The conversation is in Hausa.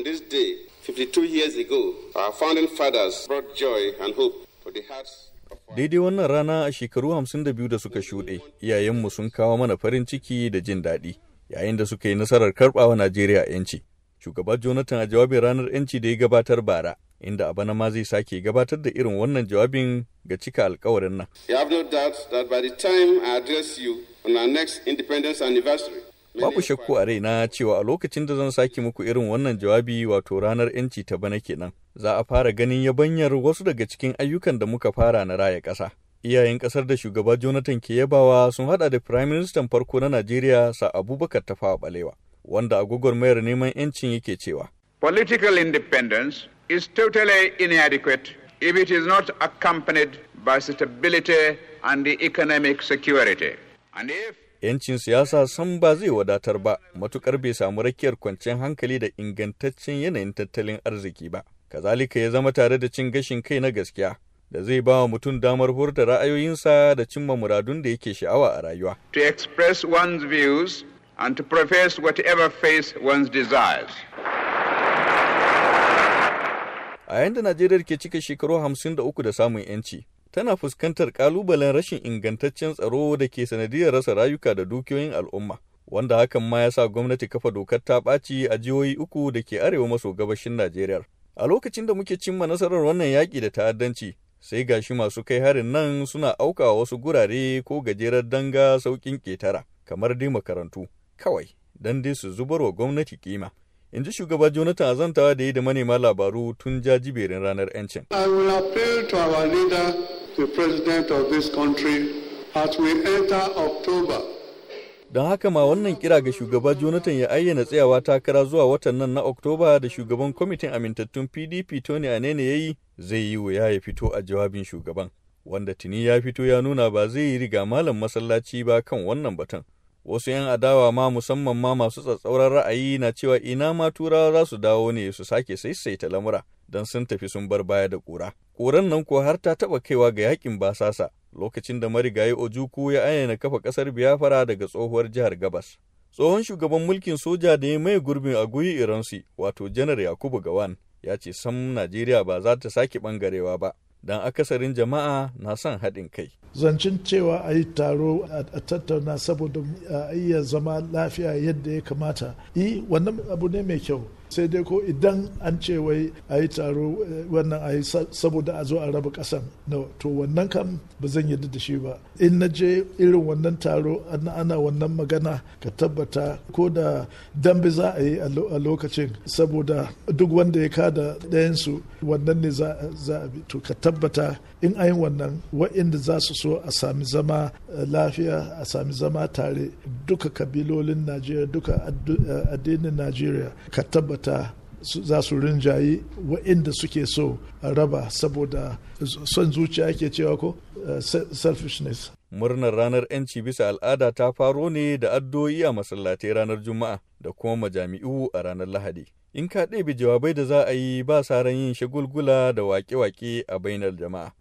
On this day, 52 years ago, our founding fathers brought joy and hope for the hearts Daidai wannan rana a shekaru 52 da suka shuɗe, iyayenmu sun kawo mana farin ciki da jin daɗi, yayin da suka yi nasarar karɓawa Najeriya 'yanci. Shugaba Jonathan a jawabin ranar 'yanci da ya gabatar bara, inda a bana ma zai sake gabatar da irin wannan jawabin ga cika alkawarin nan. You have no doubt that by the time I address you on our next independence anniversary, Babu shakku a raina cewa a lokacin da zan sake muku irin wannan jawabi wato ranar 'yanci ta bana kenan. Za a fara ganin yabanyar wasu daga cikin ayyukan da muka fara na raya ƙasa. Iyayen ƙasar da shugaba Jonathan ke yabawa sun haɗa da Firaministan farko na Najeriya sa Abubakar Tafawa Balewa, wanda a mayar neman 'yancin yake cewa. Political independence is totally inadequate if it is not accompanied by stability and economic security. And yancin siyasa san ba zai wadatar ba matukar bai samu rakiyar kwanciyar hankali da ingantaccen yanayin tattalin arziki ba kazalika ya zama tare da cin gashin kai na gaskiya da zai ba wa mutum damar hurta ra'ayoyinsa da cimma muradun da yake sha'awa a rayuwa to express one's views and to profess whatever face one's desires a yanda Najeriya ke cika shekaru hamsin da uku da samun yanci tana fuskantar ƙalubalen rashin ingantaccen tsaro da ke sanadiyar rasa rayuka da dukiyoyin al'umma. wanda hakan ma ya sa gwamnati kafa dokar ta ɓaci a jihohi uku da ke arewa maso gabashin Najeriya. A lokacin da muke cimma nasarar wannan yaƙi da ta'addanci, sai gashi masu kai harin nan suna auka wasu gurare ko gajerar danga sauƙin ƙetara, kamar dai makarantu, kawai, don dai su zubar wa gwamnati kima. in ji shugaba Jonathan Azantawa da yi da manema labaru tun jajiberin ranar 'yancin. I the president of this country, Don haka ma wannan kira ga shugaba Jonathan ya ayyana tsayawa takara zuwa watan nan na Oktoba da shugaban kwamitin amintattun PDP Tony Anene ya yi zai yi wuya ya fito a jawabin shugaban. Wanda tuni ya fito ya nuna ba zai yi riga malam masallaci ba kan wannan batun. Wasu 'yan adawa ma musamman ma masu tsatsauran ra'ayi na cewa ina ma turawa za su dawo ne su sake saisaita lamura don sun tafi sun bar baya da ƙura. Ƙuran nan ko har ta taɓa kaiwa ga yakin basasa lokacin da marigayi Ojuku ya ayyana kafa ƙasar Biafra daga tsohuwar jihar Gabas. Tsohon shugaban mulkin soja da ya mai gurbin a guyi Iransi, wato Janar Yakubu Gawan, ya ce sam Najeriya ba za ta sake ɓangarewa ba, don akasarin jama'a na son haɗin kai. Zancin cewa a yi taro a tattauna saboda a iya zama lafiya yadda ya kamata. I wannan abu ne mai kyau. sai dai ko idan an ce wai a yi taro wannan a yi saboda a zo a raba kasan to wannan kam ba zan yarda da shi ba in na je irin wannan taro ana wannan magana ka tabbata ko da dambe za a yi a lokacin saboda duk wanda ya kada ɗayansu wannan ne za a bi to ka tabbata in ayin wannan wa'inda za su so a sami zama eh, lafiya a sami zama tare duka kabilolin najeriya duka eh, addinin najeriya ka tabbata ta za su rinjayi waɗanda suke so raba saboda son zuciya ke cewa ko eh, selfishness. Murnar ranar 'yanci bisa al'ada ta faro ne da addu'o'i a masallatai ranar Juma'a da kuma majami'u a ranar Lahadi. In ka ɗebe jawabai da za a yi ba sa ran yin shagulgula da waƙe-waƙe a bainar jama'a.